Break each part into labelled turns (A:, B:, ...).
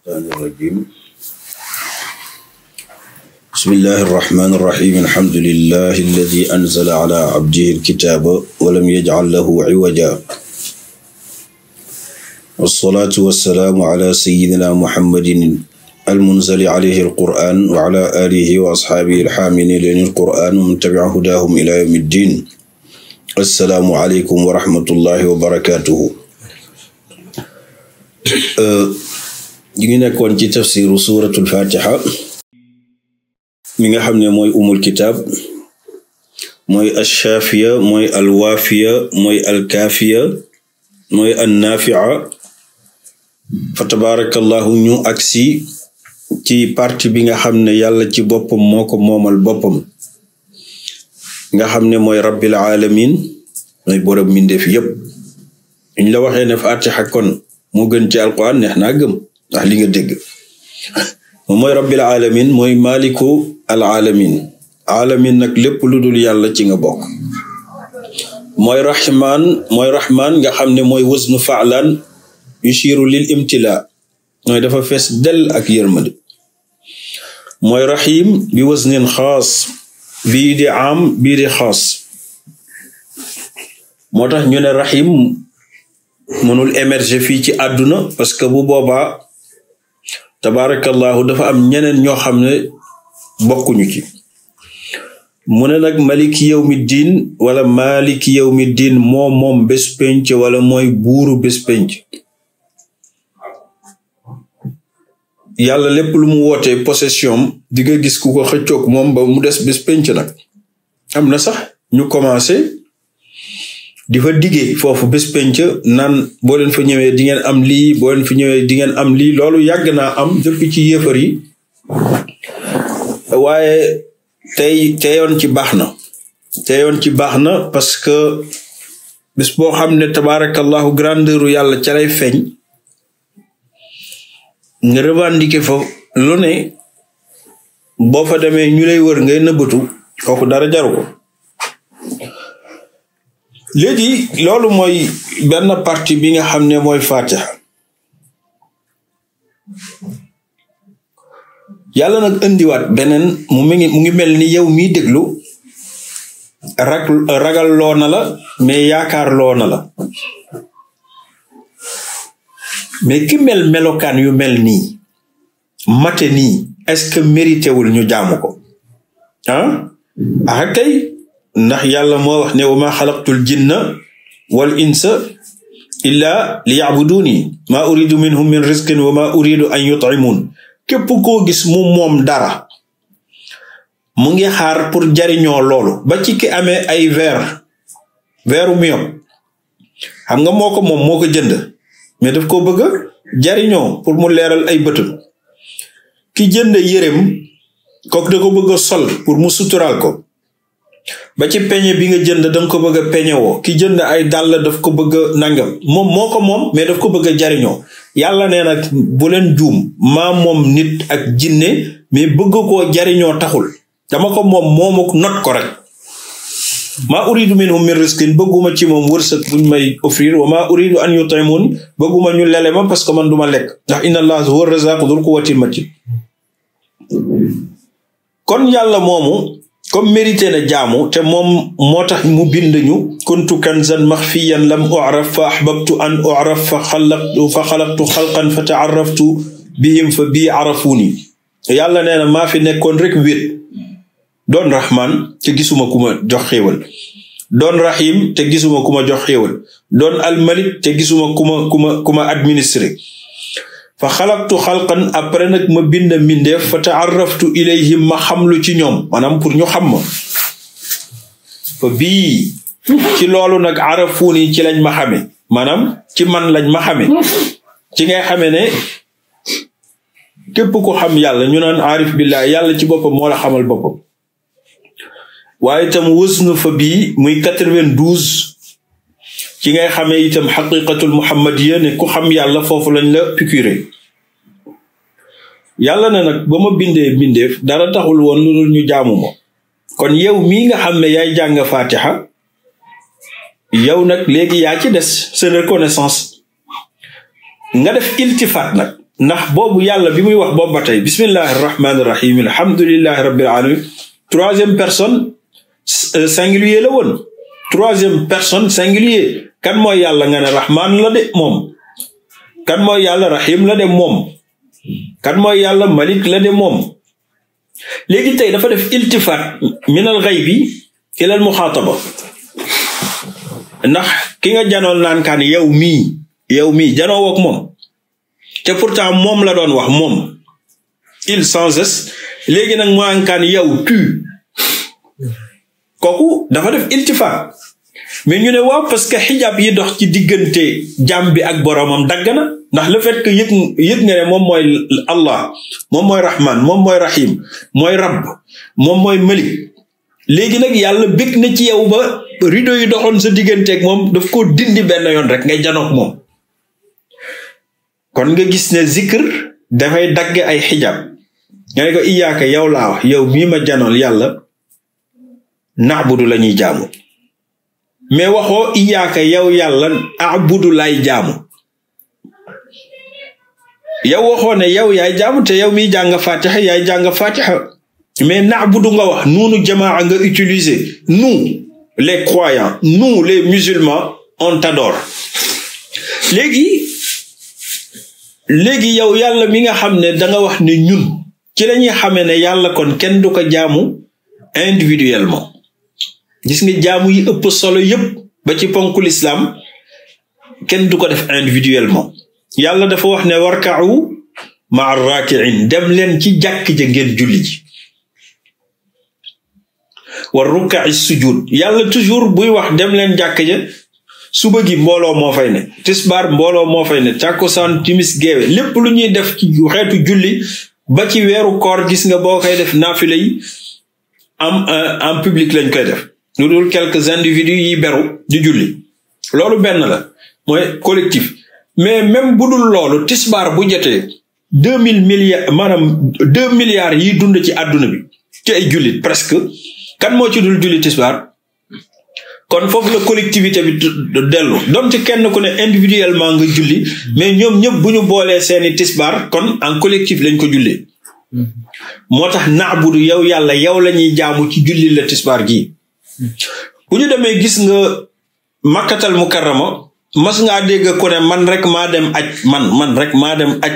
A: الشيطان الرجيم بسم الله الرحمن الرحيم الحمد لله الذي أنزل على عبده الكتاب ولم يجعل له عوجا والصلاة والسلام على سيدنا محمد المنزل عليه القرآن وعلى آله وأصحابه الحاملين للقرآن ومن تبع هداهم إلى يوم الدين السلام عليكم ورحمة الله وبركاته ñu ngi nekkoon ci tafsiru suratul fatiha mi nga xam ne mooy umul kitaab mooy alchaafiya mooy alwaafiya mooy alkaafiya mooy annaafia fa tabaarakallahu ñu agsi ci parti bi nga xam ne yàlla ci boppam moo ko boppam nga xam ne mooy rabbil alamin mooy borom mbindeef yépp ñu la waxee fatiha kon mu gën ci alquran neex naa gëm ndax li nga dégg moom mooy rabbil alamin mooy maliku al alamin alamin nag lépp lu dul yàlla ci nga bokk mooy rahman mooy rahman nga xam ne mooy wasnu faalan yushiru lil imtila mooy dafa fees del ak yërmande mooy rahim bi wasnin xaas bii di am bii di xaas moo tax ñu ne rahim mënul émerger fii ci àdduna parce que bu boobaa tabarakallahu dafa am ñeneen ñoo xam ne bokkuñu ci mu ne nag maliki yawmi diin wala maliki yawmi diin moom moom bés penc wala mooy buuru bés penc yàlla lépp lu mu wootee possession di nga gis ku ko xëccoog moom ba mu des bés penc nag am na sax ñu commencé di fa diggee foofu bés penc naan boo leen fa ñëwee di ngeen am lii boo leen fa ñëwee di am lii loolu yàgg naa am depuis ci yéefar waaye tey teyoon ci baax na teyoon ci baax na parce que bés boo xam ne tabaarakallahu grandeur yàlla ca lay feeñ nga revendiquer fa lu ne boo fa demee ñu lay wër ngay nëbbatu kooku dara jaru léegi loolu mooy benn partie bi nga xam ne mooy fatiha yàlla nag indiwaat beneen mu ngi mu mel ni yow miy déglu rag ragal loo na la mais yaakaar loo na la mais ki mel melokaan yu mel nii mate nii est-ce que mérité wul ñu jaamu ko ah ah ndax yàlla moo wax ne wa ma xalaqtul jinna wal insa illa li yacbuduuni maa uridu minhum min risqin wa ma uridu an yutcimuun képp koo gis mu moom dara mu ngi xaar pour jariñoo loolu ba ci ki amee ay verre verre myope xam nga moo ko moom moo ko jënd mais daf ko bëgg jariñoo pour mu leeral ay bëtam ki jënd yërem kooku da ko bëgg sol pour mu suturaal ko ba ci peñe bi nga jënd da nga ko bëgg a peñewoo ki jënd ay dàll daf ko bëgg a nangam moom moo ko moom mais daf ko bëgg a jariñoo yàlla nee na bu leen juum maa moom nit ak jinne mais bëgg koo jariñoo taxul dama ko moom moomuk not ko rek maa uridu minhum min riskin bëgguma ci moom wërsëg buñ may offrir wa maa uridu an yut'imun bëgguma ñu lele ma parce que man duma lekk ndax inna allah huwa razaqu dul quwwatil matin kon yàlla moomu comme mérité a jaamu te moom moo tax mu bind kontu kuntu kanzan maxfiyan lam uraf fa ahbabtu an uraf fa xalaqtu fa xalaqtu xalqan fa taaraftu bihim fa bii arafuni yàlla nee na maa fi nekkoon rek wét doon rahman te gisuma ku ma jox xéewal doon rahim te gisuma ku ma jox doon almalik te gisuma ku ma ku ma ku ma administré fa xalaqtu xalqan après nag ma bind mbindeef fa taaraftu ilayhim ma xamlu ci ñoom maanaam pour ñu xam ma fa bii ci loolu nag arafuuni ci lañ ma xame maanaam ci man lañ ma xame ci ngay xamee ne képp ku xam yàlla ñu naan arif billah yàlla ci boppam moo la xamal boppam waaye itam wës na fa bii muy quatre-vingt-douze ci ngay xamee itam xaqiqatul muhammadiya ne ku xam yàlla foofu lañ la piqûre yàlla na nag ba ma bindee bindeef dara taxul woon lu dul ñu jaamu kon yow mii nga xam ne yaay jàng fatiha yow nag léegi yaa ci des seen reconnaissance nga def iltifaat nag ndax boobu yàlla bi muy wax boobu ba tey bismillahi rahmaani rahim alhamdulillahi rabbil troisième personne euh, singulier la woon troisième personne singulier kan mooy yàlla nga ne rahmaan la de moom kan mooy yàlla rahim la de moom kan mooy yàlla malik la de moom léegi tey dafa def iltifaat min al ghaybi ila al muxaataba ndax ki nga janoon naan kaan yow mii yow mii janoo wook moom te pourta moom la doon wax moom il sans cesse léegi nag mu naan kaan yow tu kooku dafa def iltifaat mais ñu ne waaw parce que xijaab yi dox ci diggante jaam bi ak boroomam dagg na ndax la fet que yëg yëg nga ne moom mooy allah moom mooy rahman moom mooy rahim mooy rabb moom mooy malik léegi nag yàlla bég na ci yow ba rido yi doxoon sa digganteek moom daf ko dindi benn yoon rek ngay janoog moom kon nga gis ne zikr dafay dagg ay xijaab nga ne ko iyaaka yow laa wax yow mii ma janoon yàlla naabudu la ñuy jaamu mais waxoo iyaaka yow yàlla abudu laay jaamu yow waxoo ne yow yaay jaamu te yow mi jàng fatiha yaay jàng fatiha mais naabudu nga wax nuunu jamaa nga utiliser nous les croyants nous les musulmans on t'adore léegi léegi yow yàlla mi nga xam ne danga wax ne ñun ci lañuy xamee ne yàlla kon kenn du ko jaamu individuellement gis nga jaamu yi ëpp solo yëpp ba ci ponku lislaam kenn du ko def individuellement yàlla dafa wax ne war warka'u maa raakiin dem leen ci jàkk ja ngeen julli ji war ruka'i sujud yàlla toujours buy wax dem leen jàkk suba gi mbooloo moo fay ne tisbaar mbooloo moo fay ne tàkkusaan timis géewe lépp lu ñuy def ci xeetu julli ba ci weeru koor gis nga boo koy def naafila am euh, en public lañ koy def lu dul quelques individus yi beru di julli loolu benn la mooy collectif mais même bu dul loolu tisbaar bu jotee deux mille milliards maanaam deux milliards yi dund ci àdduna bi ci ay jullit presque kan moo ci dul julli tisbaar kon foofu la collectivité bi dellu doon kenn ku ne individuellement nga julli mais ñoom ñëpp bu ñu boolee seeni tisbaar kon an collectif lañ ko jullee mm-hmm. moo tax naabudu yow yàlla yow la ñuy jaamu ci julli la tisbaar gii bu ñu demee gis nga makkatal mukarrama mas ngaa dégg a ne man rek maa dem aj man man rek maa dem aj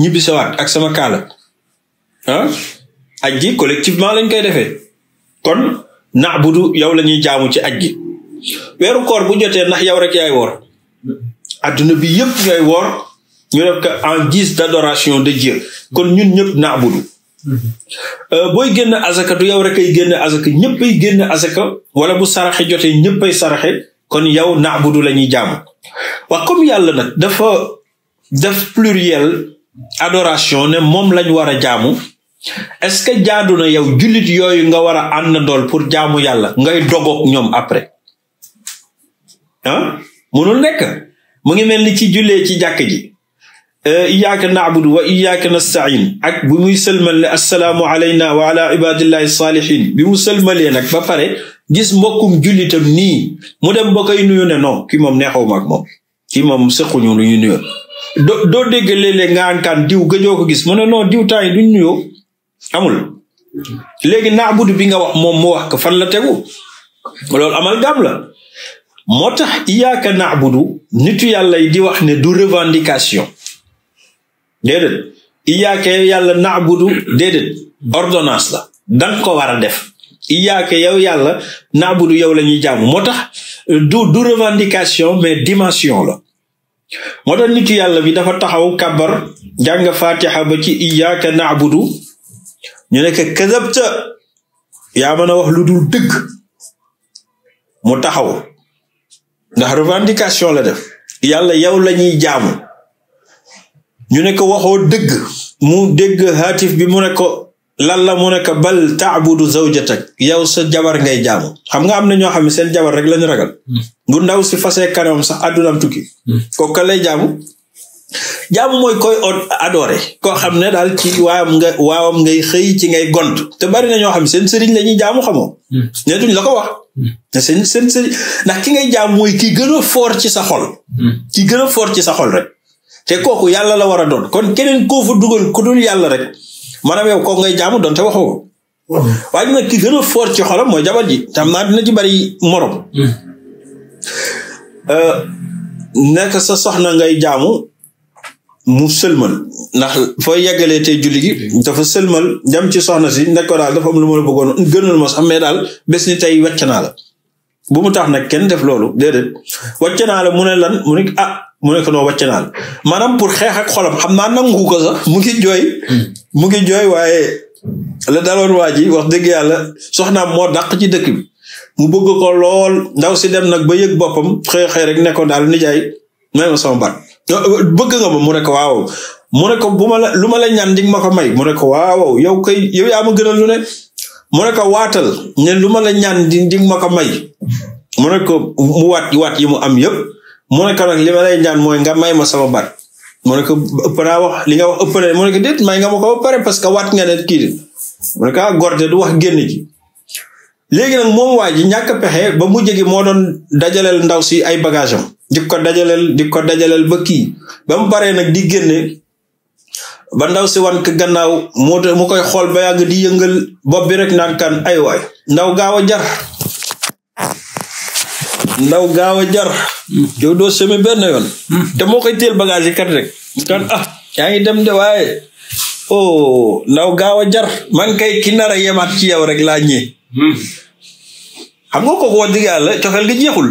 A: ñibbisawaat ak sama kaala ah aj gi collectivement lañ koy defee kon na'budu yow la ñuy jaamu ci aj gi weeru koor bu jotee ndax yow rek yaay woor adduna bi yëpp ñooy woor ñu def ko en guise d'adoration de Dieu kon ñun ñëpp na'budu Euh, booy génn azaka du yow rek ay génn azaka ñëpp ay génn azaka wala bu saraxe jotee ñëpp ay saraxe kon yow naabudu la ñuy jaamu waa comme yàlla na dafa def pluriel adoration ne moom lañu war a jaamu est-ce que jaadu na yow jullit yooyu nga war a àndandool pour jaamu yàlla ngay dogoog ñoom après ah munul nekk mu ngi mel ni ci julee ci jàkk ji Euh, iyaaka naabudu wa iyaaka nastain ak bu muy sëlmal ne assalaamu alayna wa ala ibadillahi saalihin bi mu sëlmalee nag ba pare gis mbokkum jullitam nii mu dem ba koy nuyu ne non kii moom neexaw ma ak moom kii moom sëquñu lu ñu do doo dégg léeg-léeg nga ankaan diw gëjoo ko gis mu ne non diw temps yi nuyo amul léegi naabudu bi nga wax moom mu wax ko fan la tegu loolu amal gam la moo tax iyaaka naabudu nitu yàlla di wax ne du revendication déedéet iyaaka yow yàlla naabudu déedéet ordonnance la danga ko war a def iyaaka yow yàlla naabudu yow la ñuy jaamu moo tax du du revendication mais dimension la moo tax nitu yàlla bi dafa taxaw kàbbar jàng fatiha ba ci iyaaka naabudu ñu nekk këdëbta yaa mën a wax lu dul dëgg mu taxaw ndax revendication la def yàlla yow la ñuy jaamu ñu ne ko waxoo dëgg mu dégg haatif bi mu ne ko lan la mu ne ko bal taabudu zawjatak yow sa jabar ngay jaamu xam nga am na ñoo xam ne seen jabar rek lañu ragal hmm. bu ndaw si fasee kanamam sax àddunaam tukki hmm. kooku kan lay jaamu jaamu mooy koy adoré koo xam ne daal ci waawam nga waawam ngay xëy ci ngay gont te bari na ñoo xam ne seen sëriñ la ñuy jaamu xamoo hmm. ne duñ la ko wax te seen seen sëriñ ndax ki ngay jaamu mooy ki gën foor ci sa xol ki gën a foor ci sa xool rek te kooku yàlla la war a doon kon keneen kooku fa dugal ku dul yàlla rek maanaam yow kooku ngay jaamu doon waxoo ko
B: mm-hmm.
A: waaye na ki gën a fort ci xolam mooy jabar ji tam naa dina ci bari morom mm-hmm. euh, nekk sa soxna ngay jaamu mu sëlmal ndax foo yeggalee tey julli gi dafa sëlmal dem ci soxna si nekk daal dafa am lu ma la bëggoon gënal ma sax mais daal bés ni tey wàcc naa bu mu tax nag kenn def loolu déedéet wàcc naa la lan mu ne ah, mu nekk noo wàcc naa la maanaam pour xeex xolam xam naa nangu ko sax mu ngi jooy mu ngi jooy waaye la daloon waa ji wax dëgg yàlla soxnaam moo dàq ci dëkk bi mu bëgg ko lool ndaw si dem nag ba yëg boppam xëy rek ne ko daal nijaay may ma sama baat euh, euh, bëgg nga ma mu ne ko waaw mu ne ko bu ma la lu ma la ñaan di ma ko may mu ne ko waaw yow kay yow yaa ma gënal lu ne mu ne ko waatal ne lu ma la ñaan di di ma may mu ne ko mu waat waat yi mu am yëpp mu ka li ma lay ñaan mooy nga may ma sama baat mu ne ko ëpp naa wax li nga wax ëpp na mu ne ko déet may nga ma ko ba pare parce que waat nga ne kii de mu ne ko ah, góor du wax génn ji léegi nag moom waa ji ñàkk pexe ba mu jege moo doon dajaleel ndaw si ay bagage am di ko dajaleel di ko dajaleel ba kii ba mu paree nag di génne ba ndaw si wan ko gannaaw moo mu koy xool ba yàgg di yëngal bopp bi rek naan kan ay waay ndaw gaaw a jar ndaw gaaw a jar. Mm. yow doo seme na yoon. Mm. te moo koy bagage yi kat rek. Mm. kan ah yaa ngi dem de waaye. oh ndaw gaaw a jar. man kay ki nar a yemaat ci yow rek laa ñëwee. xam nga kooku wax dëgg yàlla cofeel gi jeexul.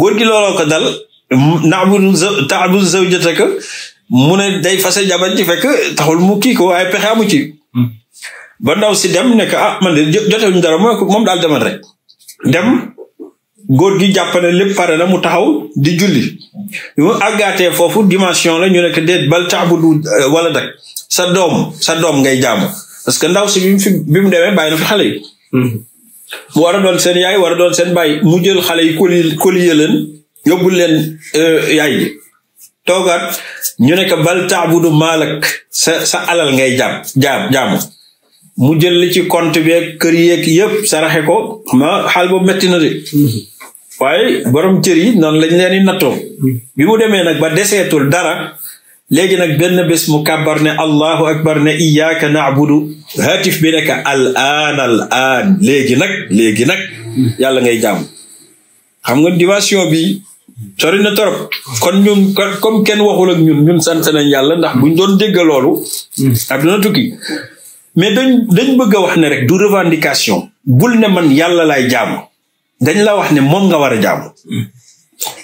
A: góor gi looloo ko dal. naabu taabu zawjataka mu ne day fase jabar ji fekk taxul mu kii ko waaye pexe amu ci. ba ndaw si dem ne a ah, man de jote wuñ dara moom daal demal rek. dem. góor gi jàppale lépp pare na mu taxaw di julli bi mu àggaatee foofu dimension la ñu nekk déet bal taabudu euh, wala dak sa doom sa doom ngay jaamu parce que ndaw si bi fi bi mu demee bàyyi na fi xale yi hmm. mu war doon seen yaay war a doon seen bàyyi mu jël xale yi koli koliye leen yóbbu leen euh, yaay ji toogaat ñu nekk bal taabudu maalak sa sa alal ngay jaam jaam jaamu mu jël li ci compte beeg kër yeeg yëpp saraxe ko ma xaal boobu metti na de hmm. waaye borom cër yi noonu lañ leen di nattoo bi mu demee nag ba deseetul dara léegi nag benn bés mu kàbbar ne allahu akbar ne iyyaka na'budu haatif bi nekk al aan al aan léegi nag léegi nag yàlla ngay jaamu xam nga dimension bi sori na torop kon ñun comme kenn waxul ak ñun ñun sant nañ yàlla ndax buñ doon dégg loolu adduna tukki mais dañ dañ bëgg a wax ne rek du revendication bul ne man yàlla laay jaamu dañ la wax ne moom nga war a jaamu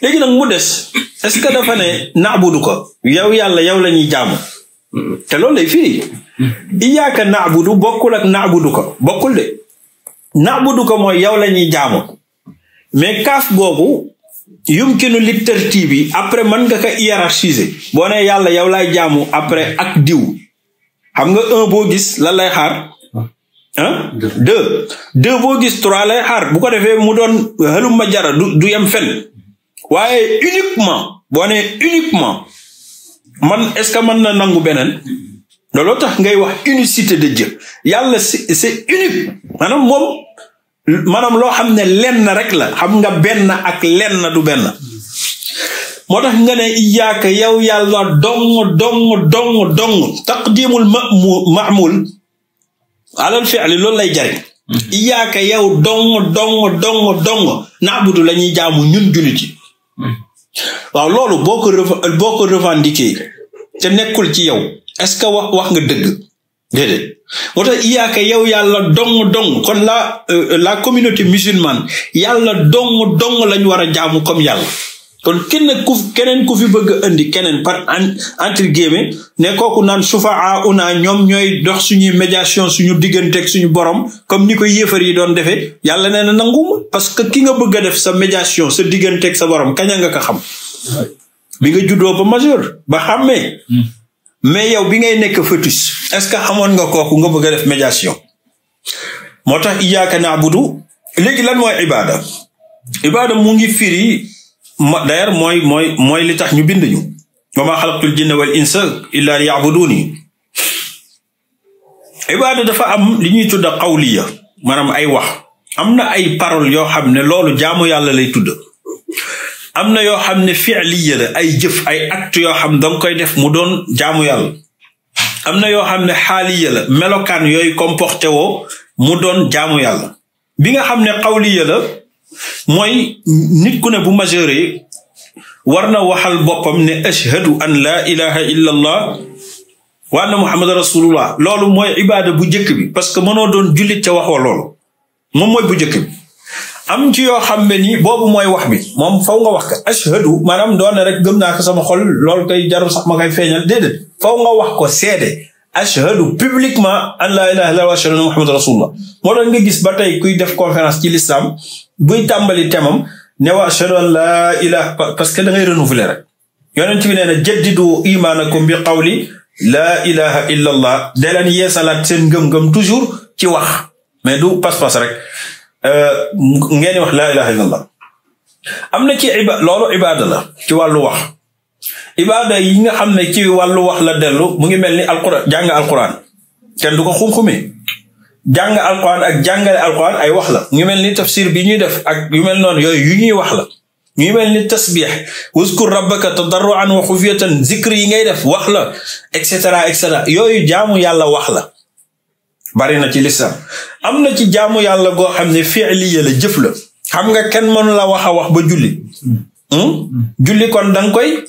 A: léegi nag mu des est-ce que dafa ne naabudu ko yow yàlla yow la ñuy jaamu te loolu lay firi iyaaka naabudu bokkul ak naabudu ko bokkul de naabudu ko mooy yow la ñuy jaamu mais kaaf googu yumkinu li tërti bi après mën nga ka hiérarchiser boo yàlla yow laay jaamu après ak diw xam nga un boo gis lan lay xaar ah deux deux boo gis trois lay xaar bu ko defee mu doon ma jara du yem fenn waaye uniquement boo nee uniquement man est-ce que mën na nangu beneen loo tax ngay wax unicité de Dieu yàlla c'est unique maanaam moom maanaam loo xam ne lenn rek la xam nga benn ak lenn du benn moo tax nga ne iyaaka yow yàlla dong dong dong dong taqdimul mamul alal fi'li loolu lay jariñ iyaaka yow dong dong dong dong naabudu la ñuy jaamu ñun jullit yi waaw loolu boo ko boo ko revendiqué te nekkul ci yow est-ce que wax wax nga dëgg déedéet moo iyaaka yow yàlla dong dong kon la euh, la communauté musulmane yàlla dong dong lañ war a jaamu comme yàlla kon kenn ku keneen ku fi bëgg a indi keneen par entre guillemets ne kooku naan sufaa una ñoom ñooy dox suñuy médiation suñu digganteeg suñu borom comme ni koy yëfar yi doon defee yàlla nee na nanguma parce que ki nga bëgg a def sa médiation sa digganteeg sa borom kaña nga ko xam bi nga juddoo ba majeur ba xàmmee hmm. mais yow bi ngay nekk fœtus est-ce que xamoon nga kooku nga bëgg a def médiation moo tax iyyaaka na'budu léegi lan mooy ibaada ibaada mu ngi firi d'ailleurs mooy mooy mooy li tax ñu bind ñu wa maa xalaqtul jinna wal insa illa liya'buduni ibaada dafa am li ñuy tudd qawliya maanaam ay wax am na ay parole yoo xam ne loolu jaamu yàlla lay tudd am na yoo xam ne fi'liya la ay jëf ay acte yoo xam danga koy def mu doon jaamu yàlla am na yoo xam ne xaaliya la melokaan yooyu comporté woo mu doon jaamu yàlla bi nga xam ne qawliya la mooy nit ku ne bu majeure war na waxal boppam ne ashhadu an laa ilaha illa allah wa anna muhammad rasulullah loolu mooy ibaada bu jëkk bi parce que mënoo doon jullit ca waxoo loolu moom mooy bu njëkk bi am ci yoo xam ne ni boobu mooy wax bi moom faw nga wax ko ashhadu maanaam doon na rek gëm naa ko sama xol lool koy jarul sax ma koy feeñal déedéet faw nga wax ko seede ashhadu publiquement an la ilaha illallah wa ashhadu anna muhammad rasulullah moo doon nga gis ba tey kuy def conférence ci buy tàmbali temam ne wa ashhadu an laa ilaha parce que da ngay renouveler rek yonent bi nee na du imaanakum bi qawli laa ilaha illa allah dee leen yeesalaat seen ngëm-ngëm toujours ci wax mais du pas-pas rek euh, ngeeni wax laa ilaha illa am na ci iba loolu ibaada la ci wàllu wax ibaada yi nga xam ne ci wàllu wax la dellu mu ngi mel ni alquran jàng alquran kenn du ko xum-xumee jàng alquran ak jàngale alquran ay wax la ñu mel ni tafsir bi ñuy def ak yu mel noonu yooyu yu ñuy wax la ñu mel ni tasbix wuzkur rabbaka tadarruan wa xufiyatan zikr yi ngay def wax la et cetera et yooyu jaamu yàlla wax la bari na ci lislaam am na ci jaamu yàlla goo xam ne fiiliya la jëf xam nga kenn mënu la wax a wax ba julli hmm? julli kon danga koy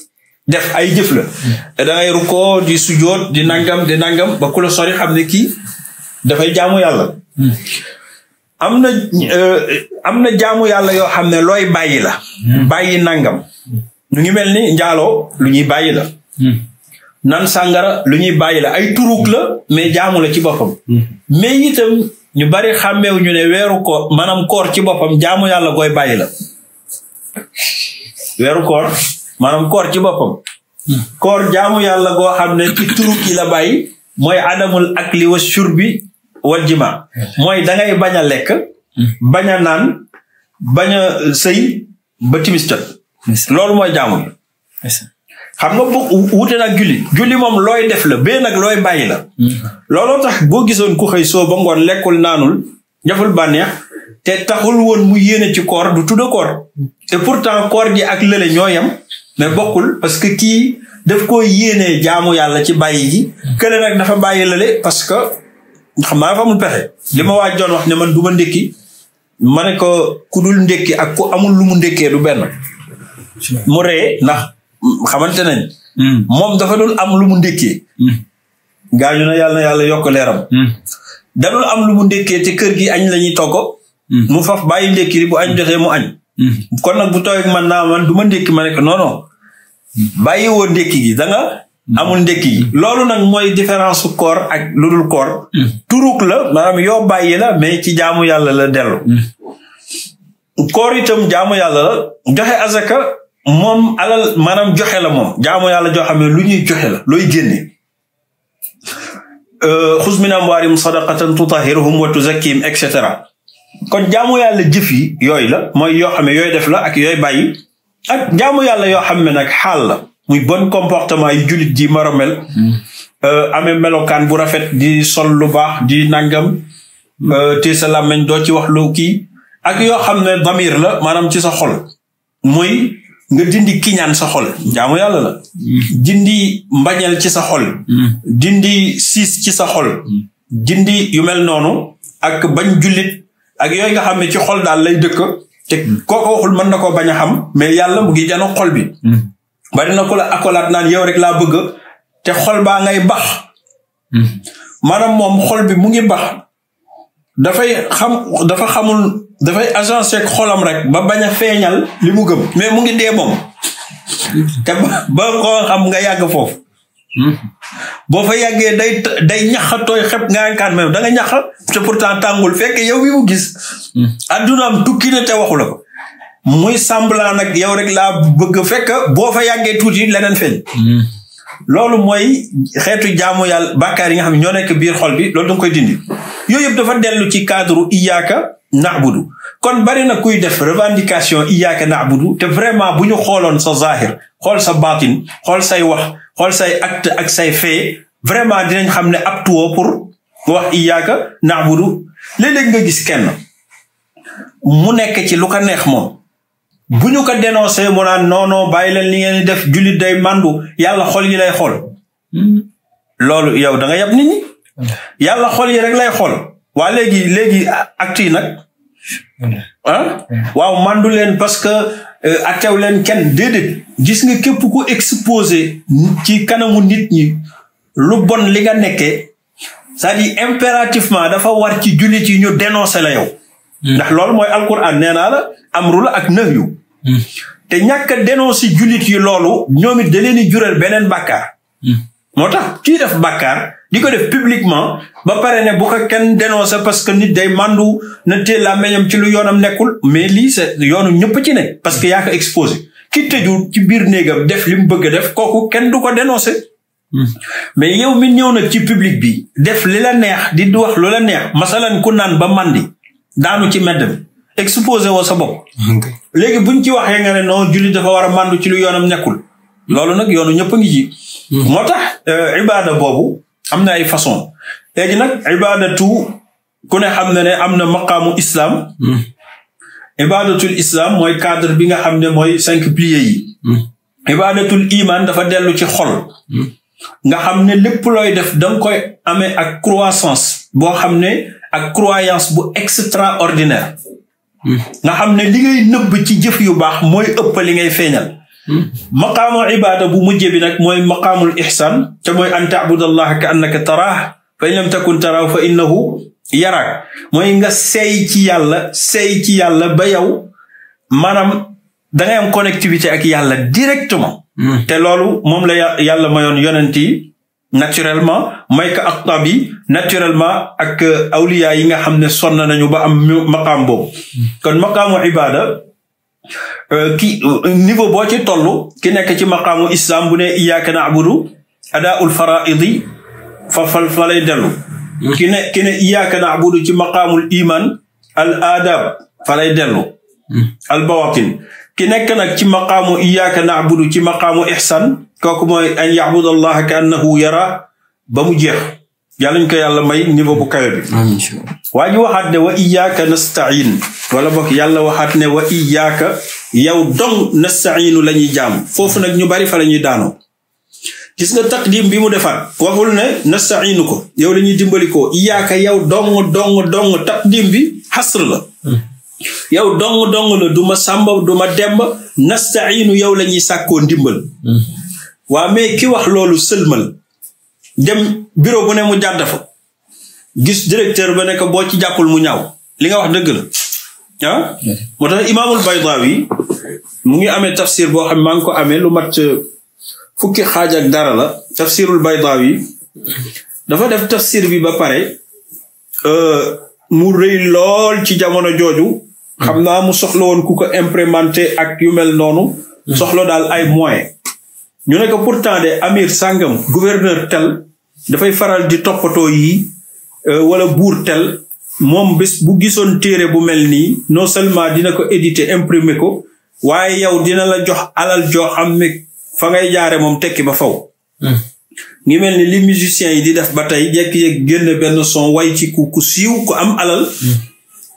A: def ay jëf la hmm. dangay rukkoo di sujoot di nangam di nangam ba ku la sori xam ne kii dafay jaamu yàlla. am na euh, am na jaamu yàlla yoo xam ne looy bàyyi la. bàyyi nangam. ñu ngi mel ni njaaloo lu ñuy bàyyi la. nan sàngara lu ñuy bàyyi la ay turuk la mais jaamu la ci boppam. mais ñu bari xàmmeewu ñu ne weeru koor maanaam koor ci boppam jaamu yàlla gooy bàyyi la. koor maanaam koor ci boppam. koor jaamu yàlla goo xam ne ci turuk yi la bàyyi mooy adamul akli wa shurbi wal jima mooy dangay ngay bañ a lekk bañ a naan bañ a sëy ba timis loolu mooy jaamu xam nga bu wute nag julli julli moom looy def la bee nag looy bàyyi la mm-hmm. looloo tax boo gisoon ku xëy soo ba ngoon lekkul naanul jaful bànneex te taxul woon mu yéene ci koor du tudda koor te pourtant koor gi ak lële ñoo yam mais bokkul parce que kii def ko yéenee jaamu yàlla ci bàyyi gi mm-hmm. kële nag dafa bàyyi lële parce que xam naa dafa amul pexe. Hmm. li ma waaj doon wax ne man du ma ndékki. ma ne ko ku dul ndékki ak ku amul lu mu ndékkee du benn. Hmm. mu ree ndax xamante nañ. Hmm. moom dafa dul am lu mu ndékkee. gaañu na yàlla na yàlla yokk leeram. da dul am lu mu ndékkee te kër gi añ la ñuy togg. mu faf bàyyi ndékki bu añ jotee mu añ. kon nag bu tooy man naa man du ma ndékki ma ne ko non gi da Mm. amul ndekki mm. loolu nag mooy différence su koor ak lu dul koor. Mm. la maanaam yoo bàyyi la mais ci jaamu yàlla la dellu. koor itam jaamu yàlla la joxe azaka moom alal maanaam joxe la moom jaamu yàlla joo xam ne lu ñuy joxe la looy génne. Euh, xuz min amwaarihim sadaqatan tutahhiruhum wa tuzakkihim et cetera kon jaamu yàlla jifi yi yooyu la mooy yoo xam ne yooyu def la ak yooyu bàyyi ak jaamu yàlla yoo xam ne nag xaal la. muy bon comportement yi jullit ji mar a mel euh, amee melokaan bu rafet di sol lu baax di nangam euh, te sa làmmiñ doo ci wax lu kii ak yoo xam ne damir la maanaam ci sa xol muy nga dindi kiñaan sa xol jaamu yàlla la dindi mbañel ci sa xol dindi siis ci sa xol dindi yu mel noonu ak bañ julit ak yooyu nga xam ne ci xol daal lay dëkk te koo ko waxul mën na ko bañ a xam mais yàlla mu ngi jano xol bi bari na ko la akolaat naan yow rek laa bëgg te xol baa ngay bax hmm. maanaam moom xol bi mu ngi bax dafay xam dafa xamul dafay agencé ak xolam rek ba bañ a feeñal li mu gëm mais mu ngi dee moom te ba xam nga yàgg foofu hmm. boo fa yàggee day day ñaxatooy xep nga yaakaar même da nga ñax te pourtant tàngul fekk yow bi mu gis hmm. addunaam tukki na te waxu la muy semblant nag yow rek laa bëgg fekk boo fa yàggee tuuti leneen feeñ. loolu mooy xeetu jaamu yàlla bàkkaar yi nga xam ne ñoo nekk biir xol bi loolu da koy dindi. yooyu yëpp dafa dellu ci cadre iyaaka naabudu kon bari na kuy def revendication iyaaka naabudu te vraiment bu ñu xooloon sa zahir xool sa baatin xool say wax xool say acte ak say fee vraiment dinañ xam ne aptuwoo pour wax iyaaka naabudu léeg-léeg nga gis kenn mu nekk ci lu ko neex moom. bu ñu ko dénoncé mu naan non non bàyyi leen li ngeen di def jullit day màndu yàlla xol yi lay xool. loolu yow da nga yab nit ñi. yàlla xool yi rek lay xool. waa léegi léegi ak yi nag. ah waaw màndu leen parce que euh, attew leen kenn déedéet. gis nga képp ku exposé ci kanamu nit ñi lu bon li nga nekkee c'est-à-dire dafa war ci jullit yi ñu dénoncé la yow. ndax loolu mooy alquran nee naa la amru la ak nahyu hmm. te ñàkk a dénoncé jullit yi loolu ñoom it da di jural beneen bàkkaar hmm. moo tax kii def bàkkaar di ko def publiquement ba pare ne bu ko kenn dénoncé parce que nit day mandu na teel la meñam ci lu yoonam nekkul mais li c'est yoonu ñëpp ci ne parce que yaa ko exposé ki tëju ci biir néegam def li mu bëgg a def kooku kenn du ko dénoncé hmm. mais yow mi ñëw na ci public bi def li la neex di du wax loola la neex masalan ku naan ba mandi daanu ci medd bi exposé woo sa bopp. léegi buñ ci waxee nga ne non jullit dafa war a màndu ci lu yoonam nekkul. loolu nag yoonu ñëpp a ngi ci. Hmm. moo tax euh, ibaada boobu am na ay façon léegi nag ibaadatu ku ne xam na ne am na maqaamu islam. Hmm. ibaadatul islam mooy cadre bi nga xam ne mooy cinq piliers yi. Hmm. ibaadatul iman dafa dellu ci xol. nga xam ne lépp looy def da nga koy amee ak croissance boo xam ne. ak croyance bu extraordinaire nga xam ne li ngay nëbb ci jëf yu baax mooy ëpp li ngay feeñal maqaamu ibaada bu mujj bi nag mooy maqaamul ixsaan te mooy an taabudallaha ka annaka taraah fa in lam takun taraahu fa innahu yaraak mooy nga seey ci yàlla seey ci yàlla ba yow maanaam dangay am connectivité ak yàlla directement hmm. te loolu moom la yàlla mayoon yonent yi naturellement may ko ak naturellement ak euh, awliya yi nga xam ne sonn nañu ba am maqaam boobu kon maqaamu ibaada euh, ki euh, niveau boo ci toll ki nekk ci maqaamu islam bu ne iyyaka na'budu adaa'ul faraa'idi fa fal fa lay dellu ki ne ki ne iyyaka na'budu ci maqaamul iman al adab fa lay dellu hmm. al bawatin ki nekk nag ci maqaamu iyaaka naabudu ci maqaamu ixsan kooku mooy an yacbud allaha ka annahu yara ba mu jeex yàlla ñu ko yàlla may niveau bu kawe bi waa waxaat ne wa iyaaka nastain wala bokk yàlla waxaat ne wa iyaaka yow dong nastainu la ñuy jaam foofu nag ñu bari fa la ñuy daanoo gis nga taqdim bi mu defaat waxul ne nastainu ko yow la dimbali ko iyaaka yow dong dong dong taqdim bi xasr yow dong dong la du ma sàmba du ma demba nastainu yow lañuy ñuy sàkkoo ndimbal hmm. waa mais ki wax loolu sëlmal dem bureau bu ne mu jàdd fa gis directeur ba nekk boo ci jàppul mu ñaw li nga wax dëgg la ah? hmm. moo tax imaamul Baydaawi mu ngi amee tafsir boo xam maa ngi ko amee lu mat euh, fukki xaaj ak dara la tafsirul Baydaawi dafa def tafsir bi ba pare euh, mu rëy lool ci jamono jooju xam naa mu soxla woon ku ko implémenté ak yu mel noonu. soxla daal ay moyens. ñu ne ko pourtant de amir sàngam gouverneur tel dafay faral di toppatoo yi euh, wala buur tel moom bés bu gisoon téere bu mel nii non seulement dina ko éditer imprimer ko waaye yow dina la jox alal joo xam ne fa ngay jaare moom tekki ba faw hmm. ngi mel ni li musiciens yi di def ba tey jekki-jekki génn benn son way ci ku ku siiw ku am alal hmm.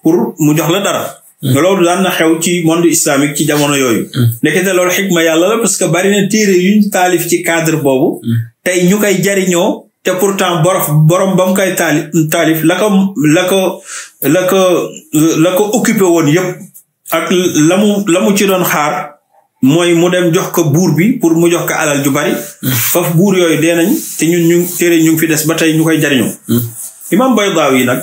A: pour mu jox la dara Mm. loolu daan na xew ci monde islamique ci jamono yooyu. Mm. nekkete loolu xikma yàlla la parce que bari téere yuñ taalif ci cadre boobu. Mm. tey ñu koy jariñoo te pourtant borof borom ba mu koy taali taalif la ko la ko la ko la ko occupé woon yëpp ak la mu la mu ci doon xaar. mooy mu dem jox ko buur bi pour mu jox ko alal ju bari. foofu buur yooyu dee nañ te ñun ñu téere ñu ngi fi des ba tey ñu koy jariñoo. imam Baydaawi nag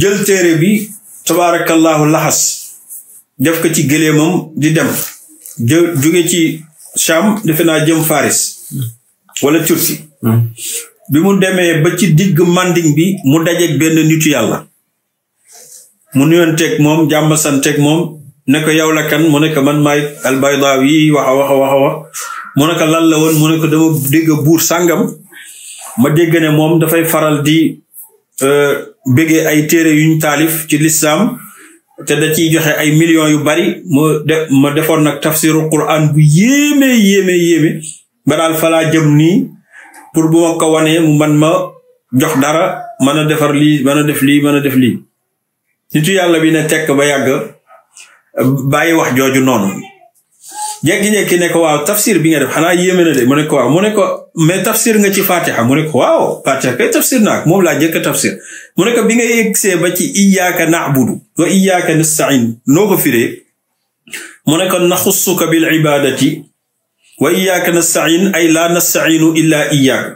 A: jël téere bi tabaarakallaahu laxas def ko ci gëléemam di dem jóge ci Sham defe naa jëm Faris wala Turki hmm. bi mu demee ba ci digg màndin bi mu dajeeg benn nitu yàlla mu nuyonteeg moom jàmm santeeg moom ne ko yow la kan mu ne man maay albaydaw yi waxa waxa waxa mu ne ko lan la woon mu ne ko dama dégg buur sàngam ma dégg ne moom dafay faral di Euh, bëggee ay téere yuñ taalif ci lislaam te da ciy joxe ay millions yu bari ma de ma defoon nag tafsiru quran bu yéeme yéeme yéeme ba daal falaa jëm nii pour bu ma ko mu man ma jox dara mën a defar li mën a def lii mën a def lii nitu yàlla bi ne tekk ba yàgg bàyyi wax jooju noonu jékki-jékki ne ko waaw tafsir bi nga def xanaa yéeme na de mu ne ko waaw mu ko mais tafsir nga ci Fatiha mu ne ko waaw Fatiha kay tafsir naak moom laa jëkk a tafsir mu ne ko bi nga yëgsee ba ci iyyaka na'budu wa iyyaka nasta'in noo ko firee mu ne ko naxussuka bil ibadati wa iyyaka nasta'in ay laa nasta'inu illa iyyaak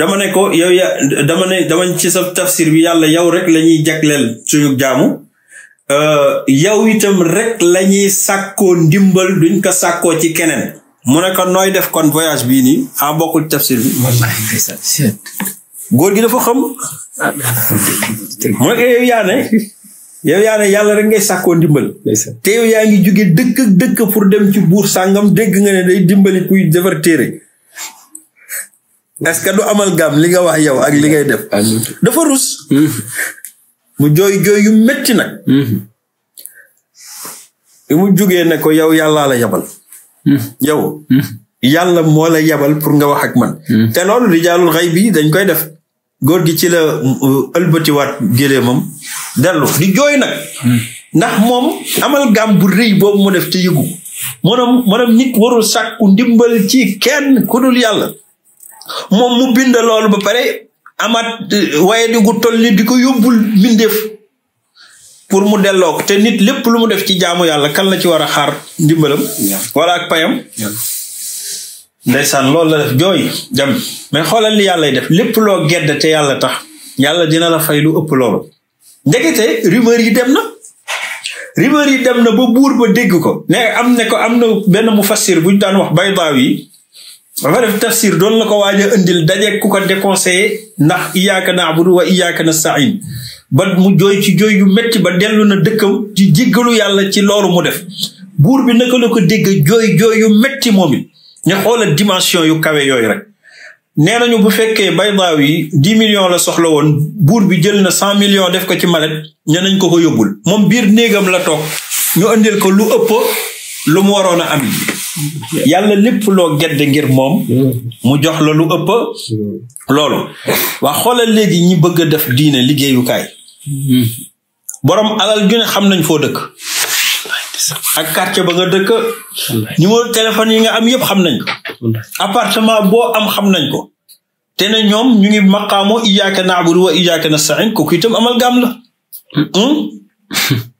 A: dama ne ko yow ya dama ne dama ci sa tafsir bi yàlla yow rek la ñuy jagleel suñu jaamu Euh, yow itam rek lañuy sàkkoo ndimbal duñ ko sàkkoo ci keneen mu ne nooy def kon voyage bii nii a ah, bokkul bi góor gi dafa xam ah, mu ne ko yow yaa yàlla rek ngay sàkkoo ndimbal te yow yaa ngi jóge dëkk dëkk pour dem ci buur sàngam dégg nga ne day dimbali kuy defar téere est que du amal gam li nga wax yow ak li ngay def dafa rus hmm. mu jooy jooy yu métti nag. Mm-hmm. bi mu jugee ne ko yow yàllaa la yabal. Mm-hmm. yow. Mm-hmm. yàlla moo la yabal pour nga wax ak man. te loolu di jaalul xay bi dañ koy def. góor gi ci la uh, ëlbatiwaat géléemam dellu di jooy nag. ndax moom amal gam bu rëy boobu mu def te yëgu. maanaam maanaam nit warul sàkku ndimbal ci kenn ku dul yàlla. moom mu bind loolu ba pare amat euh, waye di gu toll di ko yóbbul def pour mu delloo ko te nit lépp lu mu def ci jaamu yàlla kan la ci war a xaar ndimbalam wala ak payam ndeysaan loolu la def jooy dem mais xoolal li yàllay def lépp loo gedd te yàlla tax yàlla dina la fay lu ëpp loolu ndekete rumeur yi dem na rumeur yi dem na ba buur ba dégg ko ne am ne ko am na benn mufassir bu ñu daan wax baaw yi dafa def tafsir doon la ko waaj a indil daje ku ko déconseillé ndax iyyaka na'budu wa iyyaka nasta'in ba mu jooy ci jooy yu métti ba dellu na dëkkam ci jéggalu yàlla ci loolu mu def buur bi naka la ko dégg jooy jooy yu métti moom it ñu xoolal dimension yu kawe yooyu rek nee nañu bu fekkee baydaaw yi dix millions la soxla woon buur bi jël na cent millions def ko ci malet ña nañ ko ko yóbbul moom biir néegam la toog ñu indil ko lu ëpp lu mu waroon a am yàlla lépp loo gedd ngir moom mm. mu jox la lu ëpp mm. loolu waa xoolal léegi ñi bëgg a def diine liggéeyukaay mm. boroom alal ju xam nañ foo dëkk ak quartier ba nga dëkk numéro téléphone yi nga am yëpp xam nañ ko appartement boo am xam nañ ko te ne ñoom ñu ngi maqaamoo iyaaka naabudu wa iyaaka nastain kooku itam amal gaam la hmm?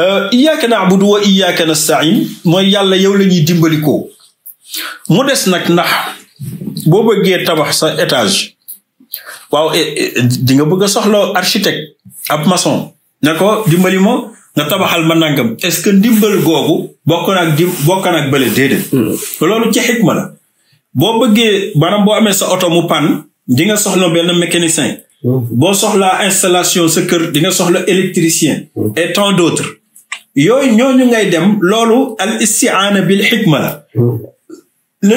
A: Euh, iyyaka na'budu wa iyyaka nasta'in mooy yàlla yow la ñuy dimbalikoo mu des nag ndax boo bëggee tabax sa étage waaw eh, eh, di nga bëgg a soxla architecte ab maçon ne ko dimbali ma nga tabaxal ma nangam est-ce que ndimbal googu boo na ak di bokk na ak bële déedéet. Hmm. loolu ci xikma la boo bëggee maanaam boo amee sa oto mu pan di nga soxla benn mécanicien. Hmm. boo soxlaa installation sa kër di nga soxla électricien. Hmm. et tant d'autres. yooyu ñooñu ngay dem loolu al istiaana bil xikma la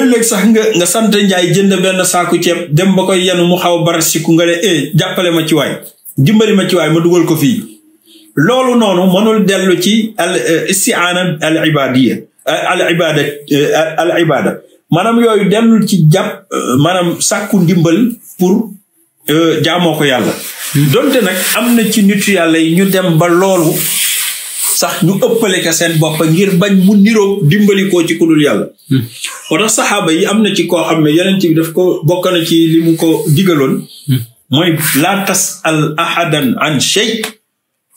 A: léeg-léeg sax nga nga sant njaay jënd benn saaku ceeb dem ba koy yanu mu xaw a barasiku nga ne eh jàppale ma ci waay dimbali ma ci waay ma dugal ko fii loolu noonu mënul dellu ci al eh, istiaana al ibadiya eh, al ibada eh, al ibada maanaam yooyu dellul ci jàpp maanaam sàkku ndimbal pour jaamoo ko yàlla hmm. donte nag am na ci nitu yàlla yi ñu dem ba loolu sax ñu ëppale ka seen bopp ngir bañ mu niroo dimbali ko ci kulul yàlla. Hmm. moo tax saxaaba yi am na ci koo xam ne yonent ci daf ko bokk ci li mu ko digaloon. Hmm. mooy laa tas al ahadan an shay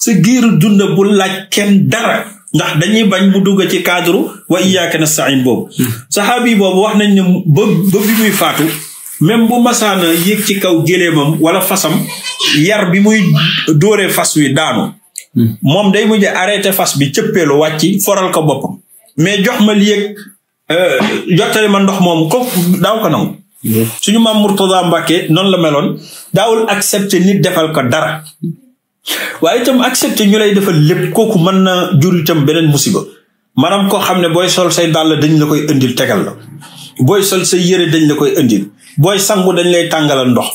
A: sa giiru dund bu laaj kenn dara ndax dañuy bañ mu dugg ci cadre wa iyyaka nasta'in boobu hmm. saxaabi boobu wax nañ ne ba bi muy faatu même bu masaana yéeg ci kaw géléemam wala fasam yar bi muy dóoree fas wi daanu moom day mujje arrêté fas bi cëppeelu wàcc foral ko boppam mais jox ma lii ak euh, jottali ma ndox moom ko daaw ko nangu suñu maam Murtada Mbàkke noonu la meloon daawul accepté nit defal ko dara waaye itam accepté ñu lay defal lépp kooku mën na jur tam beneen musiba maanaam koo xam ne booy sol say dàll dañ la koy indil tegal la booy sol say yére dañ la koy indil booy sangu dañ lay tàngalal ndox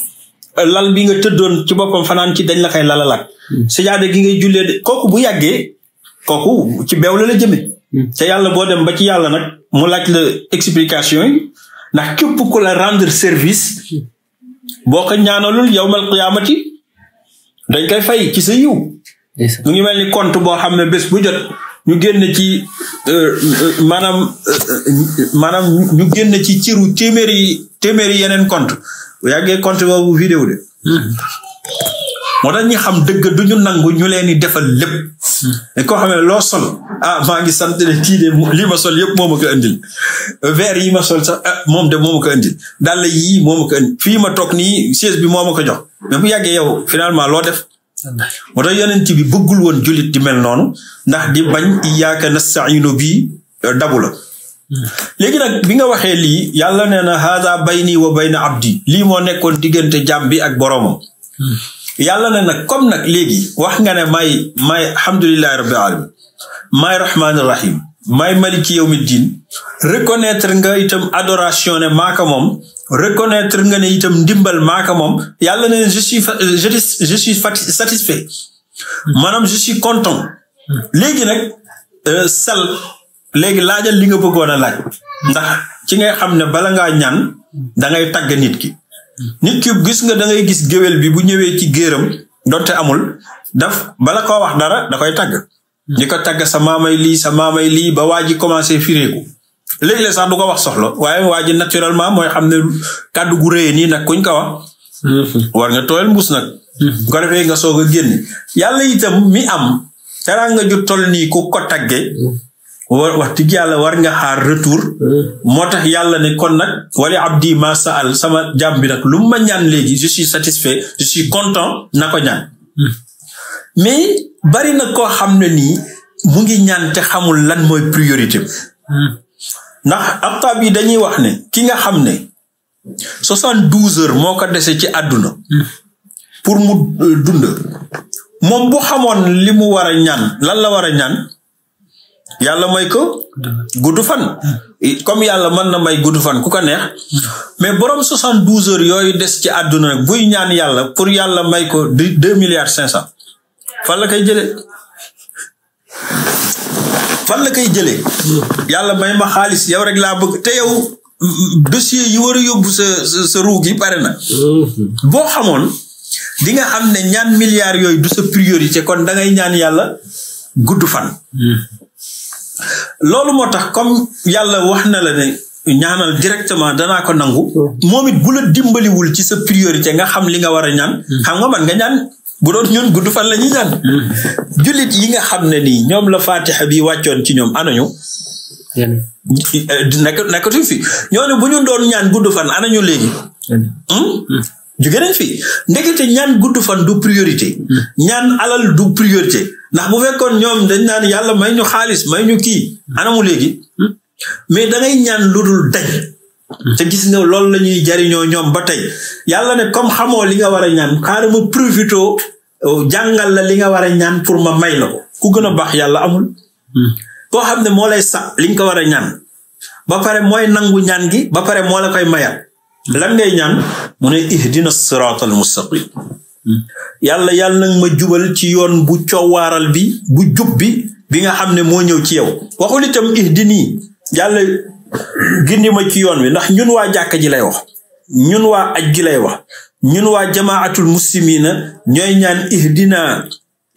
A: lal bi nga tëddoon ci boppam fanaan ci dañ la koy lalalaat. Mm. sajaada gi ngay jullee kooku bu yàggee kooku ci beew la la jëme mm. yàlla boo dem ba ci yàlla nag mu laaj la explication yi ndax képp ku la rendre service boo ko ñaanalul yowmal qiyaamati dañ koy fay ci sa yiw mu ngi mel ni compte boo xam ne bés bu jot ñu génn ci euh, euh, maanaam euh, maanaam ñu génn ci ciru téeméeri téeméeri yeneen compte bu yàggee compte boobu vidéo de moo tax ñi xam dëgg du nangu ñu leen di defal lépp hmm. mais koo xam ne loo sol ah maa ngi sant ne kii de sol yëpp moo ma ko indil verre yi ma sol sax ah, moom de moo ma ko indil dàll yii moo ma ko indil fii ma toog nii chaise bi moo ma ko jox mais bu yàggee yow finalement loo def hmm. moo tax yonent bi bëggul woon julit di mel noonu ndax di bañ iyyaka nasta'inu bi dabu la léegi nag bi nga waxee lii yàlla nee na haada bayni wa bayna abdi lii moo nekkoon diggante jàmm bi ak boroomam yàlla ne nag comme nag léegi wax nga ne may may alhamdulilahi rabbil alamin may rahmaani rahim may maliki yawmi diin nga itam adoration ne maaka moom reconnaître nga ne itam ndimbal maaka moom yàlla ne je suis je suis satisfait maanaam je content hmm. léegi nag euh, sal léegi laajal li nga bëggoon a laaj ndax ci ngay xam ne bala ngaa ñaan da ngay tagg nit ki nit ki gis nga da ngay gis géwél bi bu ñëwee ci géeram donte amul daf bala koo wax dara dafay tagg di ko tagg sa maamay lii sa maamay lii ba waa ji commencé firéeku léeg sax du ko wax soxla waaye waa ji naturellement mooy xam ne kàddu gu rëy nii nag kuñ ko wax war nga tooyal mbuus nag ko defee nga soog a génn yàlla itam mi am nga ju toll nii ku ko tagge war wax dëgg yàlla war nga xaar retour hmm. moo tax yàlla ne kon nag wali abdi ma saal sama jàmm bi nag lu ma ñaan léegi je suis satisfait je suis content na ko ñaan hmm. mais bari na koo xam ne nii mu ngi ñaan te xamul lan mooy priorité hmm. ndax abtab yi dañuy wax ne ki nga xam ne soixante douze heures moo ko dese ci àdduna pour mu euh, dund moom bu xamoon li mu war ñaan lan la war ñaan yàlla may ko gudd fan comme yàlla mën na may gudd fan ku ko neex mais borom soixante douze heures yooyu des ci adduna rek buy ñaan yàlla pour yàlla may ko deux milliards cinq cent fan la koy jële fan la koy jëlee yàlla may ma xaalis yow rek laa bëgg te yow dossier yi war a yóbbu sa sa ruug yi pare na boo xamoon di nga xam ne ñaan milliards yooyu du sa priorité kon dangay ñaan yàlla gudd fan loolu moo tax comme yàlla wax na la ne ñaanal directement danaa ko nangu. moom it bu la dimbaliwul ci sa priorité nga xam li nga war a ñaan. xam nga man nga ñaan bu doon ñun gudd fan la ñuy ñaan. jullit yi nga xam ne nii ñoom la fatiha bi wàccoon ci ñoom anañu. nekk nekkatuñ fi ñooñu bu ñu doon ñaan gudd fan anañu léegi. Hmm? jóge nañ fi ndekete ñaan gudd fan du priorité. Hmm. ñaan alal du priorité. ndax bu fekkoon ñoom dañ naan yàlla may ñu xaalis may ñu kii anamu léegi hmm? mais da ñaan lu dul dañ te gis nga loolu la ñuy jariñoo ñoom ba tey yàlla ne comme xamoo li nga war a ñaan xaaral ma profité euh, jàngal la li nga war a ñaan pour ma may la ku gën a baax yàlla amul hmm. koo xam ne moo lay sax li nga ko war a ñaan ba pare mooy nangu ñaan gi ba pare moo la koy mayal lan ngay ñaan mu ne ihdina siraatal mustaqim yàlla yàlla nag ma jubal ci yoon bu coowaaral bi bu jub bi bi nga xam ne moo ñëw ci yow waxul itam ni yàlla gindi ma ci yoon bi ndax ñun waa jàkka ji lay wax ñun waa aj gi wax ñun waa jamaatul muslimina ñooy ñaan ihdina